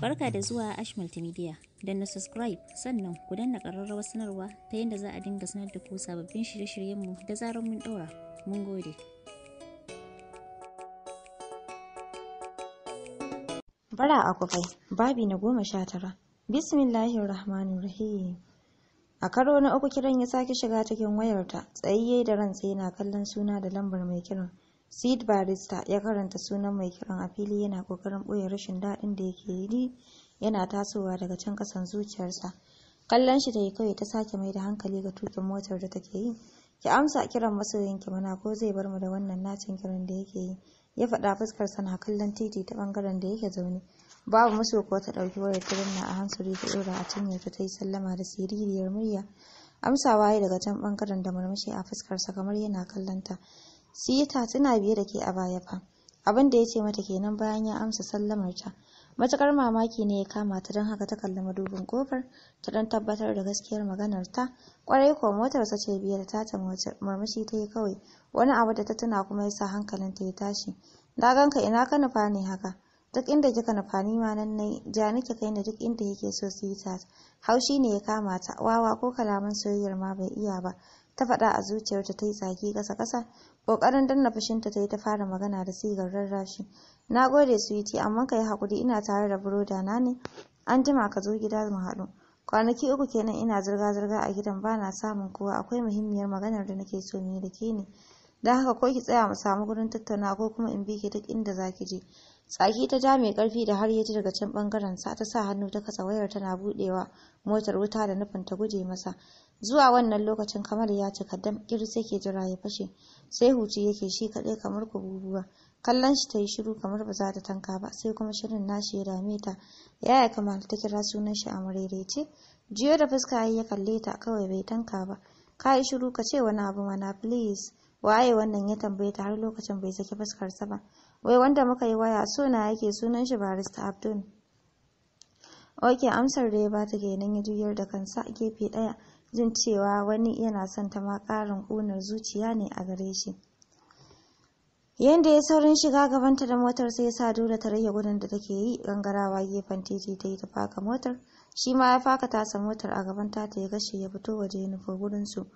Barka da zuwa Ash Multimedia. Don na subscribe sannan ku danna ƙararrawar sanarwa ta yadda za a dinga sanar da ku sababbin shirye-shiryenmu da zarar mun ɗora. Mun gode. Bara a kufai, babi na goma sha tara. Bismillahir Rahmanir Rahim. A karo na uku kiran ya sake shiga cikin wayarta, tsayayye da rantse yana kallon suna da lambar mai kiran. Sid Barista ya karanta sunan mai kiran a fili yana kokarin ɓoye rashin daɗin da yake yi yana tasowa daga can kasan zuciyarsa. Kallon shi ta yi kawai ta sake mai da hankali ga tukin motar da take yi. Ki amsa kiran masoyin ki mana ko zai bar mu da wannan nacin kiran da yake yi. Ya faɗa fuskar sana kallon titi ta bangaren da yake zaune. Babu maso ko ta ɗauki wayar ta danna a hansuri ta ɗora a cinyar ta ta yi sallama da siririyar murya. Amsawa ya daga can bangaren da murmushi a fuskarsa kamar yana kallonta. sita tana biye da ke a baya fa abin da ya ce mata kenan bayan ya amsa sallamar ta matukar mamaki ne ya kama ta don haka ta kalli madubin kofar ta don tabbatar da gaskiyar maganar ta kwarai ko motar sa ce biyar ta ta murmushi ta yi kawai wani abu da ta tuna kuma ya sa hankalin ta ya tashi na ganka ina ka nufa ne haka duk inda kika nufa ni ma nan nai ja nake kai ne duk inda yake so su haushi ne ya kama ta wawa ko kalaman soyayyar ma bai iya ba ta faɗa a zuciyarta ta yi tsaki ƙasa ƙasa ƙoƙarin danna fushinta ta yi ta fara magana da sigar rarrashi na gode suwiti amma ka yi haƙuri ina tare da buroda na ne an jima ka zo gida mu haɗu kwanaki uku kenan ina zirga-zirga a gidan ba na samun kowa akwai muhimmiyar maganar da nake so mu yi da ke ne don haka ko ki tsaya mu samu gurin tattauna ko kuma in bi ki duk inda za ki je tsaki ta ja mai karfi da har ya ji daga can ɓangaren sa ta sa hannu ta kasa wayar tana budewa motar wuta da nufin ta guje masa Zuwa wannan lokacin kamar ya cika dam sai ke jira ya fashe, sai huci yake shi kaɗai kamar kububuwa. Kallon shi ta yi shiru kamar ba za ta tanka ba, sai kuma shirin nashi ya dame ta. ya Yaya kama ta kira sunan shi a murerece, jiyo da fuska ya kalle ta kawai bai tanka ba. Ka yi shiru ka ce wani abu mana please. Waye wannan ya tambaye ta har lokacin bai saki fuskarsa ba. Wai wanda muka yi waya so na yake sunan shi barista Abdul. Oke amsar da ya bata kenan ya juyar da kansa gefe ɗaya. jin cewa wani yana son ta ma ƙarin ƙunar zuciya ne a gare shi yadda ya saurin shiga gabanta da motar sai ya sa dole ta rage gudun da take yi gangarawa gefen titi ta yi ta faka motar shi ma ya faka tasa motar a gaban ta ya gashi ya fito waje ya nufi gurin su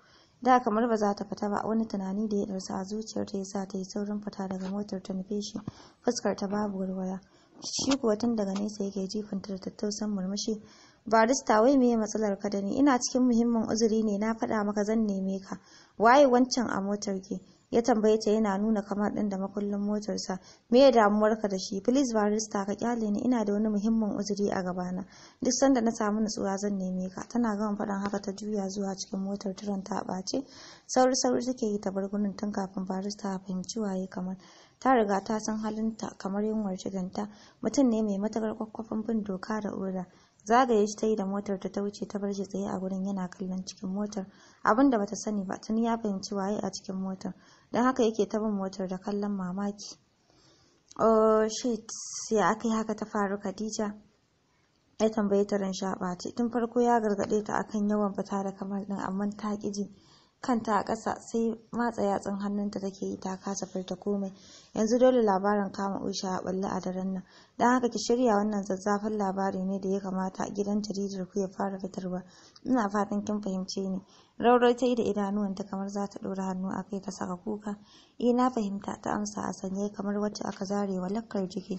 da kamar ba za ta fita ba wani tunani da ya ɗarsa a zuciyar ta ya sa ta yi saurin fita daga motar ta nufe shi fuskar ta babu warwaya shi kuwa tun daga nesa yake jifanta da tattausan murmushi barista wai meye matsalar ka da ni ina cikin muhimmin uzuri ne na faɗa maka zan neme ka waye wancan a motar ke ya tambaye ta yana nuna kamar ɗin da makullin motarsa me ya ka da shi please barista ka kyale ni ina da wani muhimmin uzuri a gabana duk sanda na samu nutsuwa zan neme ka tana gama faɗan haka ta juya zuwa cikin motar turan ta ɓace sauri sauri take yi ta bargunan tun kafin barista ya fahimci waye kamar ta riga ta san halinta kamar yunwar ta mutum ne mai matakar kwakwafin bin doka da oda Zagaye shi ta yi da motar ta wuce ta bar shi tsaye a gurin yana kallon cikin motar. Abin da bata sani ba tuni ya fahimci waye a cikin motar. Don haka yake ta bin motar da kallon mamaki. Oh shit, ya aka yi haka ta faru Khadija? Ya tambaye ta ran shaɓace. Tun farko ya gargade ta akan yawan fita da kamar ɗin amma ta ƙi ji. kanta a ƙasa sai matsa yatsun hannunta take yi ta kasa furta komai yanzu dole labarin kama usha ya balli a daren nan don haka ki shirya wannan zazzafin labari ne da ya kamata gidan jaridar ku ya fara fitarwa ina fatan kin fahimce ni rauro ta yi da idanuwanta kamar za ta ɗora hannu a kai ta saka kuka eh na fahimta ta amsa a sanye kamar wacce aka zare wa lakkar jiki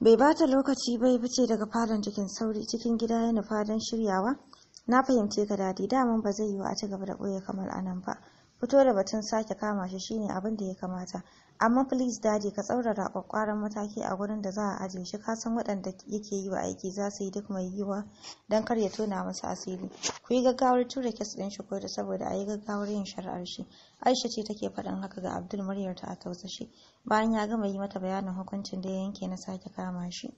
bai bata lokaci bai fice daga falon cikin sauri cikin gida ya nufa don shiryawa Na fahimce ka dadi daman ba zai yi wa a ci gaba da boye kamar anan ba. Fito da batun sake kama shi shine abin da ya kamata. Amma please dadi ka tsaurara kwakwaran mataki a gurin da za a ajiye shi ka san waɗanda yake yi wa aiki za su yi duk mai yiwa don kar ya tona masa asiri. Ku yi gaggawar tura kes ɗin shi da saboda a yi gaggawar yin shari'ar shi. Aisha ce take faɗin haka ga Abdul ta a tausashi bayan ya gama yi mata bayanin hukuncin da ya yanke na sake kama shi.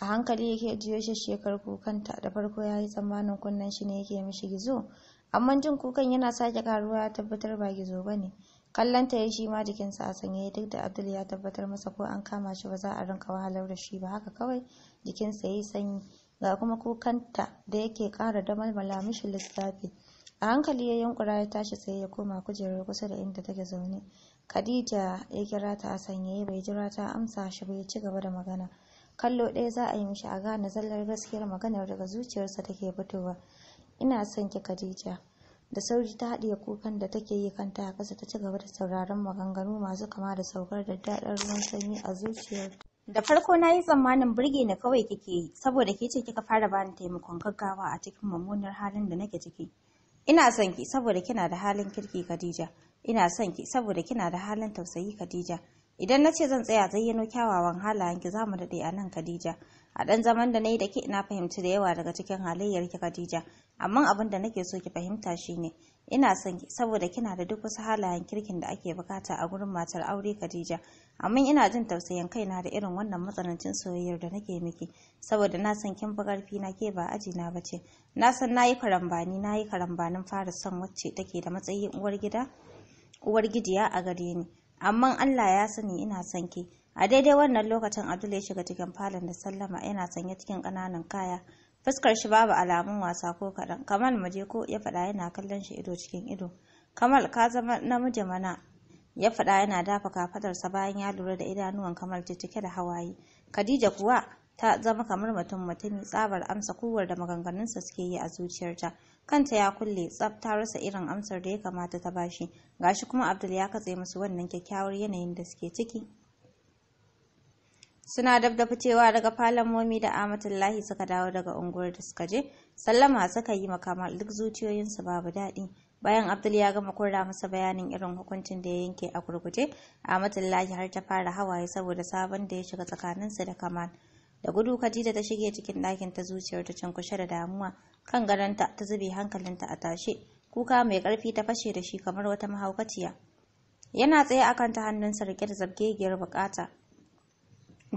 a hankali yake jiyo shekar kukanta da farko ya yi tsammanin kunnen shi ne yake mishi gizo amma jin kukan yana sake karuwa ya tabbatar ba gizo ba ne kallon ta ya shi ma jikinsa a sanye duk da abdul ya tabbatar masa ko an kama shi ba za a rinka wahalar da shi ba haka kawai jikinsa ya yi sanyi ga kuma kukanta da yake kara damalmala mishi lissafi a hankali ya yunkura ya tashi tsaye ya koma kujerar kusa da inda take zaune khadija ya kira ta a sanye bai jira ta amsa shi ba ya ci gaba da magana kallo ɗaya za a yi mishi a gane zallar gaskiyar maganar daga zuciyarsa take fitowa ina son ki khadija da sauri ta haɗiye kukan da take yi kanta a ƙasa ta ci gaba da sauraron maganganu masu kama da saukar da daɗin ruwan sanyi a zuciyar. da farko na yi tsammanin birge na kawai kike yi saboda ke ce kika fara bani taimakon gaggawa a cikin mummunar halin da nake ciki ina son ki saboda kina da halin kirki Khadija ina son ki saboda kina da halin tausayi Khadija idan na ce zan tsaya zayyano kyawawan halayen ki zamu daɗe a nan Khadija a ɗan zaman da nayi da ke ina fahimci da yawa daga cikin halayyar ki Khadija amma abin da nake so ki fahimta shine ina son ki saboda kina da duk wasu halayen kirkin da ake bukata a gurin matar aure Khadija amma ina jin tausayin kaina da irin wannan matsanancin soyayyar da nake miki saboda na san kin fi na ke ba aji na bace na san nayi karambani nayi karambanin fara son wacce take da matsayin uwar gida uwar gidiya a gare ni amma Allah ya sani ina son ki a daidai wannan lokacin Abdul ya shiga cikin falon da sallama yana sanye cikin kananan kaya fuskar shi babu alamun wasa ko kaɗan kamal muje ko ya fada yana kallon shi ido cikin ido kamal ka zama namiji mana ya faɗa yana dafa sa bayan ya lura da idanuwan kamal ta cike da hawaye khadija kuwa ta zama kamar mutum mutumi tsabar amsa kowar da maganganunsa suke yi a zuciyarta kanta ya kulle tsaf ta rasa irin amsar da ya kamata ta bashi gashi kuma abdul ya katse musu wannan kyakkyawar yanayin da suke ciki suna dab cewa daga falon momi da amatullahi suka dawo daga unguwar da suka je sallama suka yi makamal duk zuciyoyinsu babu daɗi bayan abdul ya gama kurra masa bayanin irin hukuncin da ya yanke a gurguje amatullahi har ta fara hawaye saboda sabon da ya shiga tsakaninsa da kamal da gudu Khadija ta shige cikin ɗakin ta zuciyar ta cinkushe da damuwa kan garanta ta zube hankalinta a tashe kuka mai ƙarfi ta fashe da shi kamar wata mahaukaciya yana tsaye akan ta hannunsa rike da zabgegiyar bukata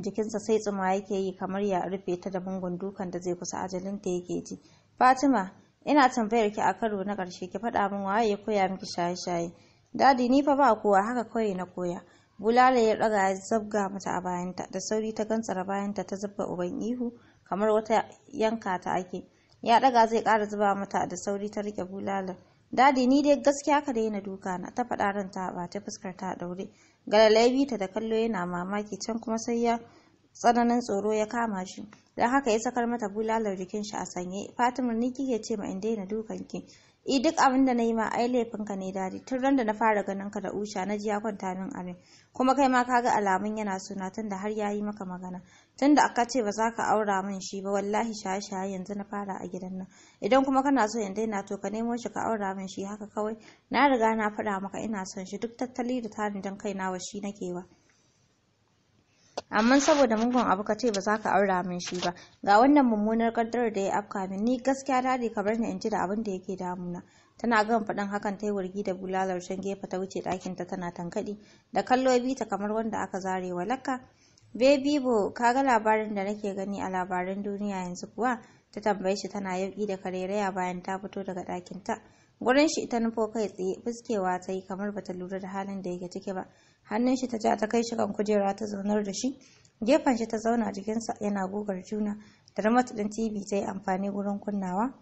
jikinsa sai tsuma yake yi kamar ya rufe ta da mugun dukan da zai kusa ajalinta yake ji fatima ina tambayar ki a karo na ƙarshe ki faɗa min waye ya koya miki shaye-shaye dadi ni fa ba kowa haka kawai na koya bulala ya ɗaga ya zabga mata a bayanta da sauri ta gantsara bayanta ta zubba uban ihu kamar wata yanka ta ake ya ɗaga zai kara zuba mata da sauri ta rike bulala dadi ni dai gaskiya ka daina duka na ta faɗa ran ta ba ta fuskar ta daure galalai ta da kallo yana mamaki can kuma sai ya tsananin tsoro ya kama shi don haka ya sakar mata bulalar jikin shi a sanye fatima ni kike ce ma in daina dukan ki E, duk abin da na yi ma ai laifin ka ne dadi tun ran da na fara ganin ka da usha na ji ya kwanta min abin kuma kai ma kaga alamun yana suna tun da har ya yi maka magana tun da aka ce ba za ka aura min shi ba wallahi shaye shaye yanzu na fara a gidan nan idan kuma kana so in daina to ka nemo shi ka aura min shi haka kawai na riga na faɗa maka ina son shi duk tattali da tarin dan na wa shi nake wa amma saboda mugun abu ka ce ba za ka aura min shi ba ga wannan mummunar kaddarar da ya afka min ni gaskiya dadi ka bar ni in ji da abin da yake damuna tana gan faɗin hakan ta yi wargi da bulalar can gefe ta wuce ɗakinta tana tankaɗi da kallo bi ta kamar wanda aka zare wa lakka baby bo kaga labarin da nake gani a labaran duniya yanzu kuwa ta tambaye shi tana yauki da karairaya bayan ta fito daga ta gurin shi ita nufo kai tsaye fuskewa ta yi kamar bata lura da halin da yake ciki ba hannun shi ta ja ta kai shi kan kujera ta zaunar da shi gefen shi ta zauna jikin sa yana gogar juna da remote din tv ta yi amfani wurin kunnawa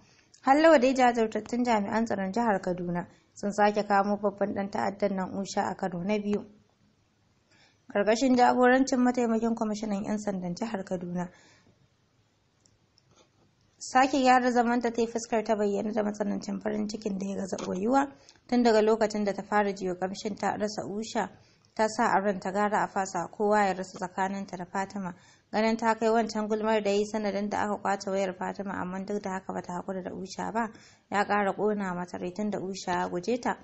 hallawa dai jajirtattun jami'an tsaron jihar kaduna sun sake kamo babban dan ta'addan nan usha a kano na biyu karkashin jagorancin mataimakin kwamishinan 'yan sandan jihar kaduna sake gyara zaman ta yi fuskar ta bayyana da matsanancin farin cikin da ya gaza tun daga lokacin da ta fara jiyo kamshin ta rasa usha ta sa a ta gara a fasa kowa ya rasa tsakaninta da fatima ganin ta kai wancan gulmar da yi sanadin da aka kwace wayar fatima amma duk da haka bata hakura da usha ba ya kara kona mata tun da usha ya guje ta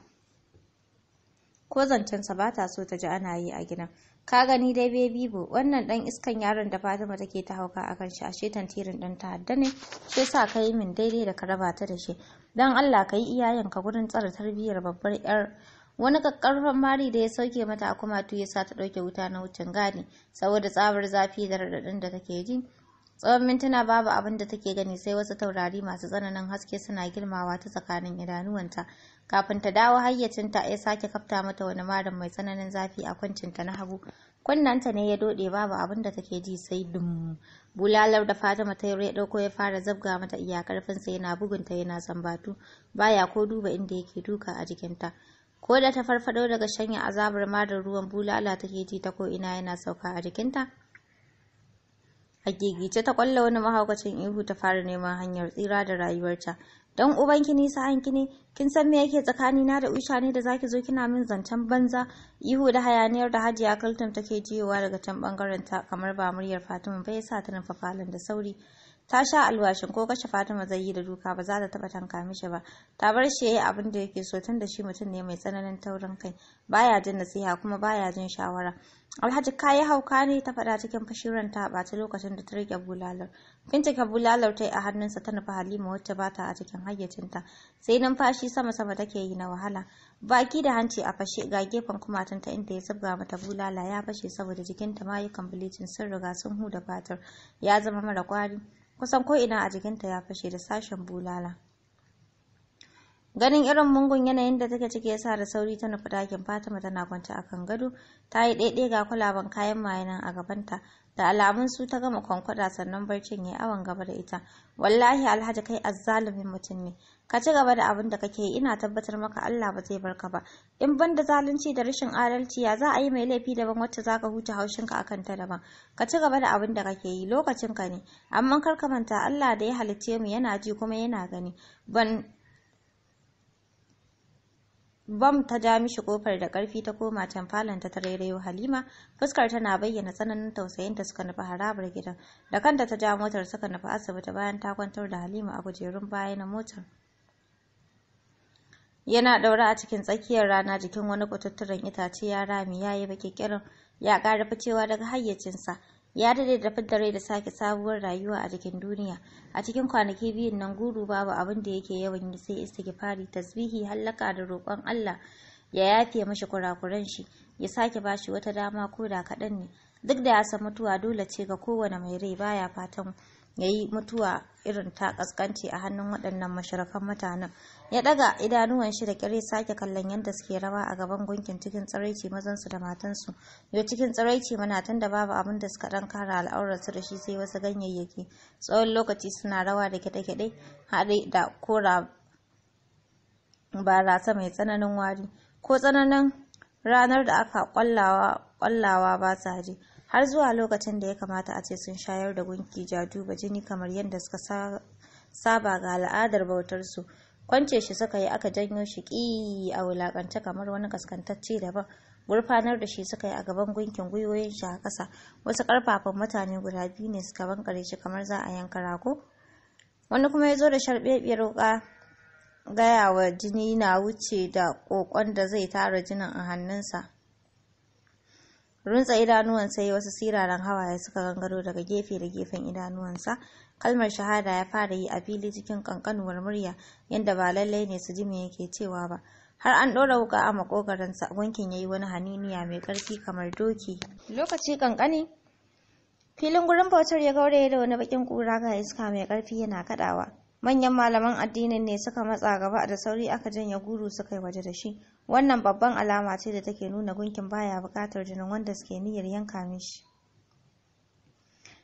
ko zancensa ba ta so ta ji ana yi a gidan ka gani dai bebibo wannan dan iskan yaron da fatima take ta hauka akan shi ashe tirin dan ta hadda ne sai sa ka min daidai da ka raba da shi dan allah ka yi ka gurin tsara tarbiyyar babbar yar wani kakkarfan mari da ya sauke mata a kumatu ya sa ta ɗauke wuta na wucin gadi saboda tsabar zafi da raɗaɗin da take ji tsawon mintuna babu abin da take gani sai wasu taurari masu tsananin haske suna girmawa ta tsakanin idanuwanta kafin ta dawo hayyacinta ya sake kafta mata wani marin mai tsananin zafi a kwancinta na hagu kunnanta ne ya dode babu abin da take ji sai dum bulalar da fatima ta ya dauko ya fara zabga mata iyakar sa yana bugunta yana zambatu baya ko duba inda yake duka a jikinta ko da ta farfado daga shanya azabar marar ruwan bulala take ji ta ko ina yana sauka a jikinta a gigice ta kwalla wani mahaukacin ihu ta fara neman hanyar tsira da rayuwarta don ubanki nisa hanki ne kin san me yake tsakani na da usha ne da zaki zo kina min zancen banza ihu da hayaniyar da hajiya kaltum take jiyowa daga can bangaren ta kamar ba muryar fatima bai sa ta nufa falon da sauri ta sha alwashin ko kashe Fatima zai yi da duka ba za ta taba tanka mishi ba ta bar shi ya yi abin da yake so da shi mutum ne mai tsananin taurin kai baya jin nasiha kuma baya jin shawara Alhaji kayi hauka ne ta faɗa cikin fashiran ta lokacin da ta rike bulalar. Binciken bulalar ta yi a hannunsa ta nufa Halima wacce ba ta a cikin hayyacinta. Sai numfashi sama-sama take yi na wahala. Baki da hanci a fashe ga gefen kumatunta inda ya sabga mata bulala ya fashe saboda jikinta mayukan bilicin sun riga sun huda fatar ya zama mara kwari. kusan ko'ina a jikinta ya fashe da sashen bulala ganin irin mungun yanayin da take ciki yasa da sauri ta nufi ɗakin fatima tana kwance a kan gado ta yi ɗaiɗai ga kulaban kayan maye nan a gabanta da alamun su ta gama kwankwada sannan barcin ya awon gaba da ita wallahi alhaji kai azzalumin mutum ne ka ci gaba da abin da kake ina tabbatar maka Allah ba zai barka ba in ban da zalunci da rashin adalci ya za a yi mai laifi daban wacce za zaka huta haushinka akan ta daban ka ci gaba da abin da kake yi lokacin ka ne amma kar ka manta Allah da ya halicce mu yana ji kuma yana gani ban Bam ta ja mishi kofar da ƙarfi ta koma can falon ta tarairayo Halima, fuskar tana bayyana tsananin tausayin ta suka nufi harabar gidan. Da kanta ta ja motar suka nufi asibiti bayan ta kwantar da Halima a kujerun baya na motar. Yana ɗaura a cikin tsakiyar rana jikin wani kututturen itace ya rami ya yi baki kirin ya ƙara cewa daga hayyacinsa. ya dade da fidda rai da sake sabuwar rayuwa a cikin duniya a cikin kwanaki biyun nan guru babu abin da yake yawan yi sai istighfari tasbihi hallaka da roƙon Allah ya yafe mashi kurakuran shi ya sake bashi wata dama ko da kaɗan ne duk da ya san mutuwa dole ce ga kowane mai rai baya fatan ya yi mutuwa irin ta kaskanci a hannun waɗannan masharakan mutanen ya ɗaga idanuwan shi da ƙyar sake kallon yadda suke rawa a gaban gunkin cikin tsiraici mazansu da matansu yau cikin tsiraici manatan da babu abin da suka ɗan kara al'aurarsu da shi sai wasu ganyayyaki tsawon lokaci suna rawa da kyaɗe-kyaɗe haɗe da kora barasa mai tsananin wari ko tsananin ranar da aka ƙwallawa ba sa je har zuwa lokacin da ya kamata a ce sun shayar da gunki ba jini kamar yadda suka saba ga al'adar bautarsu kwance shi suka yi aka janyo shi ƙi a wulakance kamar wani kaskantacce daban gurfanar da shi suka yi a gaban gunkin gwiwoyin shi a ƙasa wasu ƙarfafan mutane guda biyu ne suka bankare shi kamar za a yanka rago wani kuma ya zo da sharbebiyar wuƙa gaya wa jini na wuce da ƙoƙon da zai tara jinin a hannunsa runtsa idanuwansa ya wasu siraran hawaye suka gangaro daga gefe da gefen idanuwansa kalmar shahada ya fara yi a fili cikin kankanuwar murya yadda ba lallai ne su ji me yake cewa ba har an ɗora wuka a makogaransa wankin ya yi wani haniniya mai ƙarfi kamar doki lokaci ƙanƙani. filin gurin bautar ya gauraye da wani bakin kura ga iska mai ƙarfi yana kaɗawa manyan malaman addinin ne suka matsa gaba da sauri aka janye guru suka yi waje da shi wannan babban alama ce da take nuna gunkin baya bukatar jinin wanda suke niyyar yanka mishi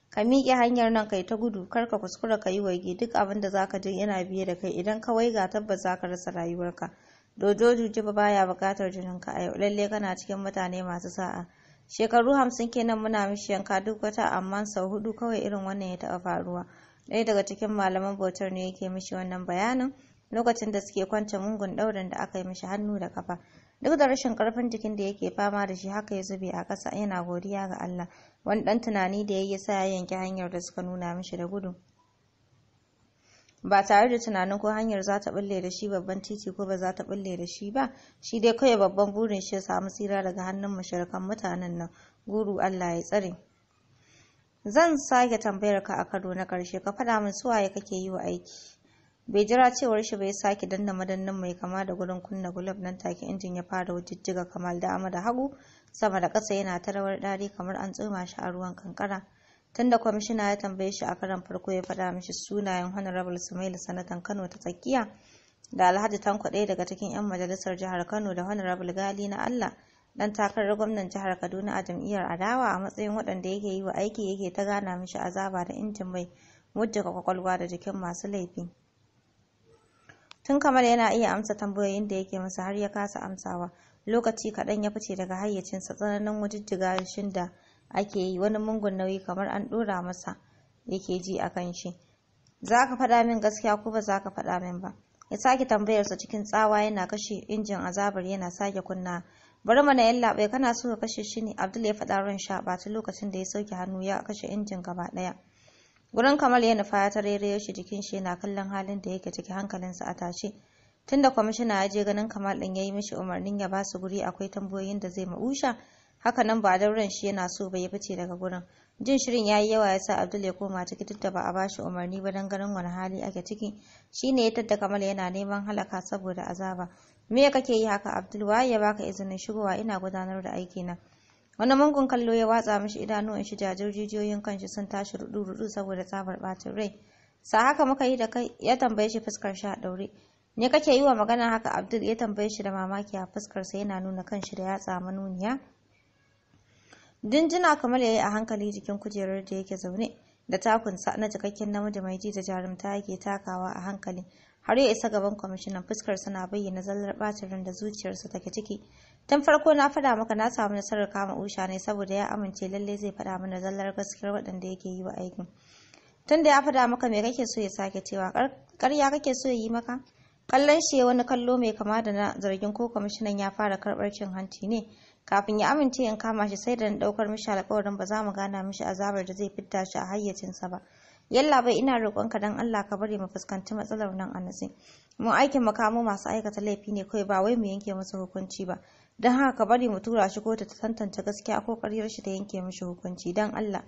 ka miƙe hanyar nan kai ta gudu kar ka kuskura ka yi waige duk abin da zaka je yana biye da kai idan kawai ga tabbas zaka rasa rayuwarka juji ba baya bukatar ka a yau lalle kana cikin mutane masu sa'a shekaru hamsin kenan muna mishi yanka duk wata amma sau hudu kawai irin wannan ya taɓa faruwa ɗaya daga cikin malaman bautar ne yake mishi wannan bayanin lokacin da suke kwance mungun ɗaurin da aka yi mishi hannu da kafa duk da rashin ƙarfin jikin da yake fama da shi haka ya zube a ƙasa yana godiya ga Allah wani ɗan tunani da ya yi sa ya yanke hanyar da suka nuna mishi da gudu ba tare da tunanin ko hanyar za ta bulle da shi babban titi ko ba za ta bulle da shi ba shi dai kawai babban burin shi ya samu tsira daga hannun mashirkan mutanen nan guru Allah ya tsare zan sake tambayar ka a karo na karshe ka faɗa min su waye kake yi wa aiki bai jira cewar shi bai sake danna madannin mai kama da gurin kunna gulab nan take injin ya fara wujijjiga kamal da amada hagu sama da ƙasa yana ta rawar ɗari kamar an tsoma shi a ruwan kankara tunda kwamishina ya tambaye shi a karan farko ya faɗa mishi sunayen honorable sumail sanatan kano ta tsakiya da alhaji tanko ɗaya daga cikin 'yan majalisar jihar kano da honorable gali na allah dan takarar gwamnan jihar Kaduna a jam'iyyar adawa a matsayin waɗanda yake yi wa aiki yake ta gana mishi azaba da injin mai mujjaga kwakwalwa da jikin masu laifi. Tun kamar yana iya amsa tambayoyin da yake masa har ya kasa amsawa lokaci kaɗan ya fice daga hayyacinsa tsananin wujijjiga shin da ake yi wani mungun nauyi kamar an ɗora masa yake ji a kan shi. Za ka faɗa min gaskiya ko ba za ka faɗa min ba. Ya sake tambayarsa cikin tsawa yana kashe injin azabar yana sake kunna bari mana yallaɓe kana so ka kashe shi ne abdul ya faɗa ran sha ta lokacin da ya sauke hannu ya kashe injin gaba ɗaya gurin kamal ya nufa ya tarere shi jikin shi yana kallon halin da yake ciki hankalinsa a tashe tunda kwamishina ya je ganin kamal ɗin ya yi mishi umarnin ya ba su guri akwai tambayoyin da zai ma'usha haka nan ba don ran shi yana so bai ya fice daga gurin jin shirin ya yi yawa ya sa abdul ya koma ciki duk da ba a bashi umarni ba don ganin wani hali ake ciki shine ya tadda kamal yana neman halaka saboda azaba me ya kake yi haka abdul waye ya baka izinin shigowa ina gudanar da aiki na wani mungun kallo ya watsa mishi idanuwan shi jajir kanshi sun tashi rudu rudu saboda tsabar bacin rai sa haka muka yi da kai ya tambaye shi fuskar shi a daure ne kake yi wa magana haka abdul ya tambaye shi da mamaki a fuskar sa yana nuna kanshi da yatsa manuniya dinjina kamar yayi a hankali jikin kujerar da yake zaune da takunsa na cikakken namiji mai ji da jarumta yake takawa a hankali har ya isa gaban kwamishinan fuskar sana bayyana zallar bacin ran da zuciyarsa take ciki tun farko na faɗa maka na samu nasarar kama usha ne saboda ya amince lalle zai faɗa mana zallar gaskiyar waɗanda yake yi wa aikin tun da ya faɗa maka me kake so ya sake cewa karya kake so ya yi maka kallon shi wani kallo mai kama da na zargin ko kwamishinan ya fara karɓar cin hanci ne kafin ya amince in kama shi sai da na ɗaukar mishi alƙawarin ba za mu gana mishi azabar da zai fitta shi a hayyacinsa ba yalla bai ina roƙonka don Allah ka bari mu fuskanci matsalar nan a nutse mu aikin mu kamo masu aikata laifi ne kawai ba wai mu yanke musu hukunci ba don haka ka bari mu tura shi kotu ta tantance gaskiya ko ƙaryar shi ta yanke mishi hukunci don Allah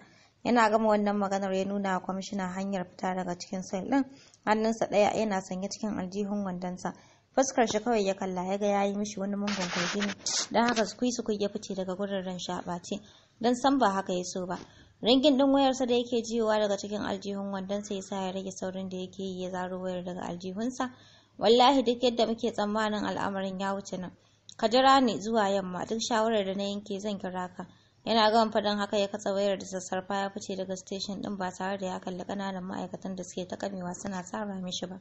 yana gama wannan maganar ya nuna wa kwamishina hanyar fita daga cikin sel ɗin hannunsa ɗaya yana sanye cikin aljihun wandonsa fuskar shi kawai ya kalla ya ga ya yi mishi wani mungon kogi ne don haka sukui sukui ya fice daga gurin ran shi don san ba haka ya so ba Ringin ɗin wayarsa da yake jiyowa daga cikin aljihun wandon ya sa ya rage saurin da yake yi ya zaro wayar daga aljihunsa. Wallahi duk yadda muke tsammanin al'amarin ya wuce nan. Ka jira ni zuwa yamma duk shawarar da na yanke zan kira ka. Yana gama faɗin haka ya katsa wayar da sassarfa ya fice daga station ɗin ba tare da ya kalli ƙananan ma'aikatan da suke ta kamewa suna tsara mishi ba.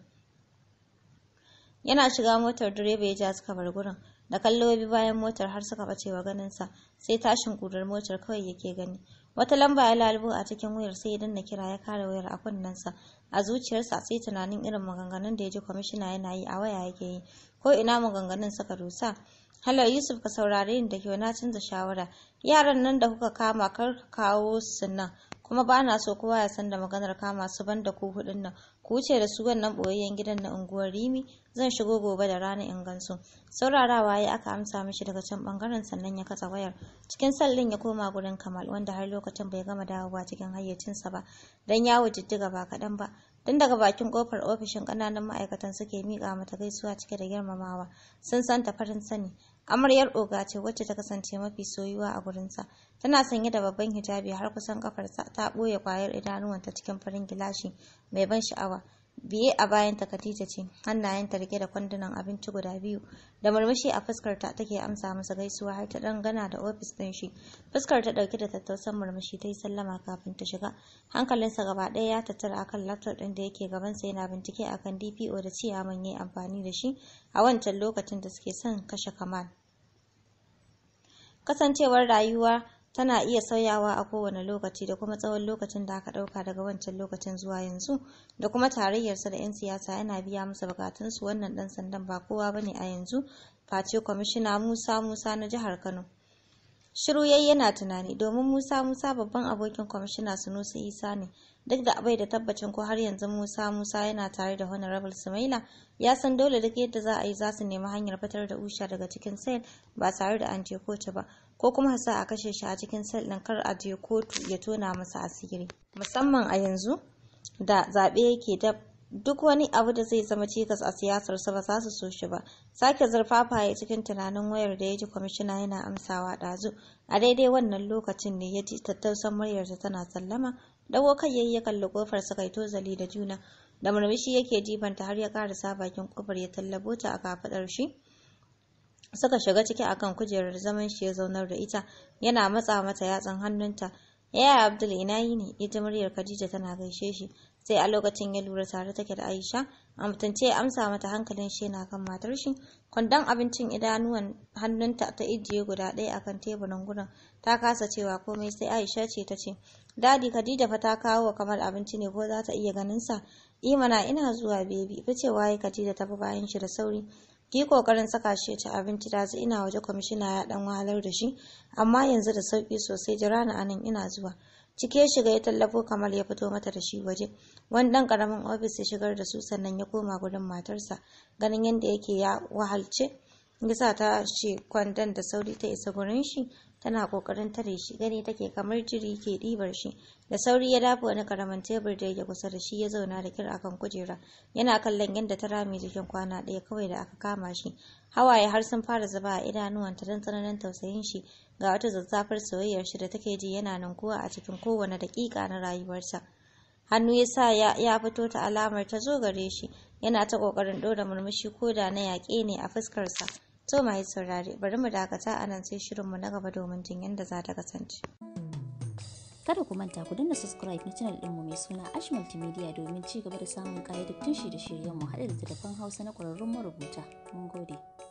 Yana shiga motar direba ya ja suka bar gurin. Da kallo bayan motar har suka bace wa sa sai tashin kudar motar kawai yake gani. wata lamba ya lalubo a cikin wayar sai idan na kira ya kare wayar a kunnensa a zuciyarsa sai tunanin irin maganganun da ya ji kwamishina yana yi a waya yake yi ko ina maganganun suka dusa Hala, Yusuf ka saurare ni da kyau na canza shawara. Yaran nan da kuka kama kar ka kawo su nan. kuma ba na so kowa ya san da maganar kama su ban da ku hudun nan ku wuce da su wannan boyayyen gidan na unguwar rimi zan shigo gobe da rana in gansu saurarawa ya aka amsa mishi daga can bangaren sannan ya katsa wayar cikin sallin ya koma gurin kamal wanda har lokacin bai gama dawowa cikin hayyacinsa ba dan yawo diddiga ba kaɗan ba tun daga bakin kofar ofishin ƙananan ma'aikatan suke miƙa mata gaisuwa cike da girmamawa sun san ta farin sani Amaryar oga ce wacce ta kasance mafi soyuwa a gurinsa. Tana sanye da babban hijabi har kusan kafarsa ta ɓoye kwayar idanuwanta cikin farin gilashi mai ban sha'awa. Biye a bayan bayanta Khadija ce, hannayenta rike da kwandunan abinci guda biyu, da murmushi a fuskarta take amsa masa gaisuwa har ta dangana da ofis ɗin shi. Fuskar ta ɗauke da tattausan murmushi ta yi sallama kafin ta shiga. Hankalinsa gaba ɗaya ya tattara akan laptop ɗin da yake gabansa yana bincike akan DPO da ciyaman manyan amfani da shi a wancan lokacin da suke son kashe Kamal. kasancewar rayuwa tana iya sauyawa a kowane lokaci da kuma tsawon lokacin da aka ɗauka daga wancan lokacin zuwa yanzu da kuma tarayyarsa da 'yan siyasa yana biya musu bukatunsu wannan ɗan sandan ba kowa ba ne a yanzu face kwamishina musa musa na jihar kano shiru yayi yana tunani domin musa musa babban abokin kwamishina sunusi isa ne duk da abai da tabbacin ko har yanzu Musa Musa yana tare da Honorable Sumaila ya san dole duk yadda za a yi za su nemi hanyar fitar da Usha daga cikin sel ba tare da an je kotu ba ko kuma sa a kashe shi a cikin sel ɗin kar a je kotu ya tona masa asiri musamman a yanzu da zaɓe yake da duk wani abu da zai zama cikas a siyasarsa ba za su so shi ba sake zurfafaye cikin tunanin wayar da ya ji kwamishina yana amsawa ɗazu a daidai wannan lokacin ne ya ji tattausan muryarsa tana sallama dago kai yayi ya kalli kofar suka yi tozali da juna da murmushi yake jibanta har ya karasa bakin kofar ya tallabo ta a kafadar shi suka shiga ciki akan kujerar zaman shi ya zaunar da ita yana matsa mata yatsan hannunta yaya abdul ina yi ne ita muryar khadija tana gaishe shi sai a lokacin ya lura tare take da Aisha a mutunce ya amsa mata hankalin shi na kan matar shi kwandon abincin idanuwan hannunta ta ijiye guda ɗaya akan teburin gurin ta kasa cewa komai sai Aisha ce ta ce dadi Khadija fa ta kawo wa kamar abinci ne ko za ta iya ganin sa imana eh ina zuwa bebi ce waye Khadija ta bi bayan shi da sauri ki kokarin saka shi ci abinci da ina waje kwamishina ya dan wahalar da shi amma yanzu da sauki sosai jira na anan ina zuwa cike shiga ya tallafo kamar ya fito mata da shi waje wani dan karamin ofis ya shigar da su sannan ya koma gurin matarsa ganin yadda yake ya wahalce yasa ta ce kwandon da sauri ta isa gurin shi tana kokarin tare shi gani take kamar jiri ke ɗibar shi da sauri ya dafa wani karamin tebur da yake kusa da shi ya zauna da kira akan kujera yana kallon yadda ta rame jikin kwana ɗaya kawai da aka kama shi hawaye har sun fara zuba a idanuwanta don tsananin tausayin shi ga wata zazzafar soyayyar shi da take ji yana nan kowa a cikin kowane daƙiƙa na rayuwarta hannu ya sa ya fito ta alamar ta zo gare shi yana ta ƙoƙarin ɗora murmushi ko da na yaƙe ne a fuskarsa to mai saurare bari mu dakata a nan sai shirinmu na gaba domin jin yadda za ta kasance. kada ku manta ku danna subscribe na channel ɗinmu mai suna ash multimedia domin ci gaba da samun kayyadattun shirye-shiryenmu haɗa da telefon hausa na ƙwararrun marubuta mun gode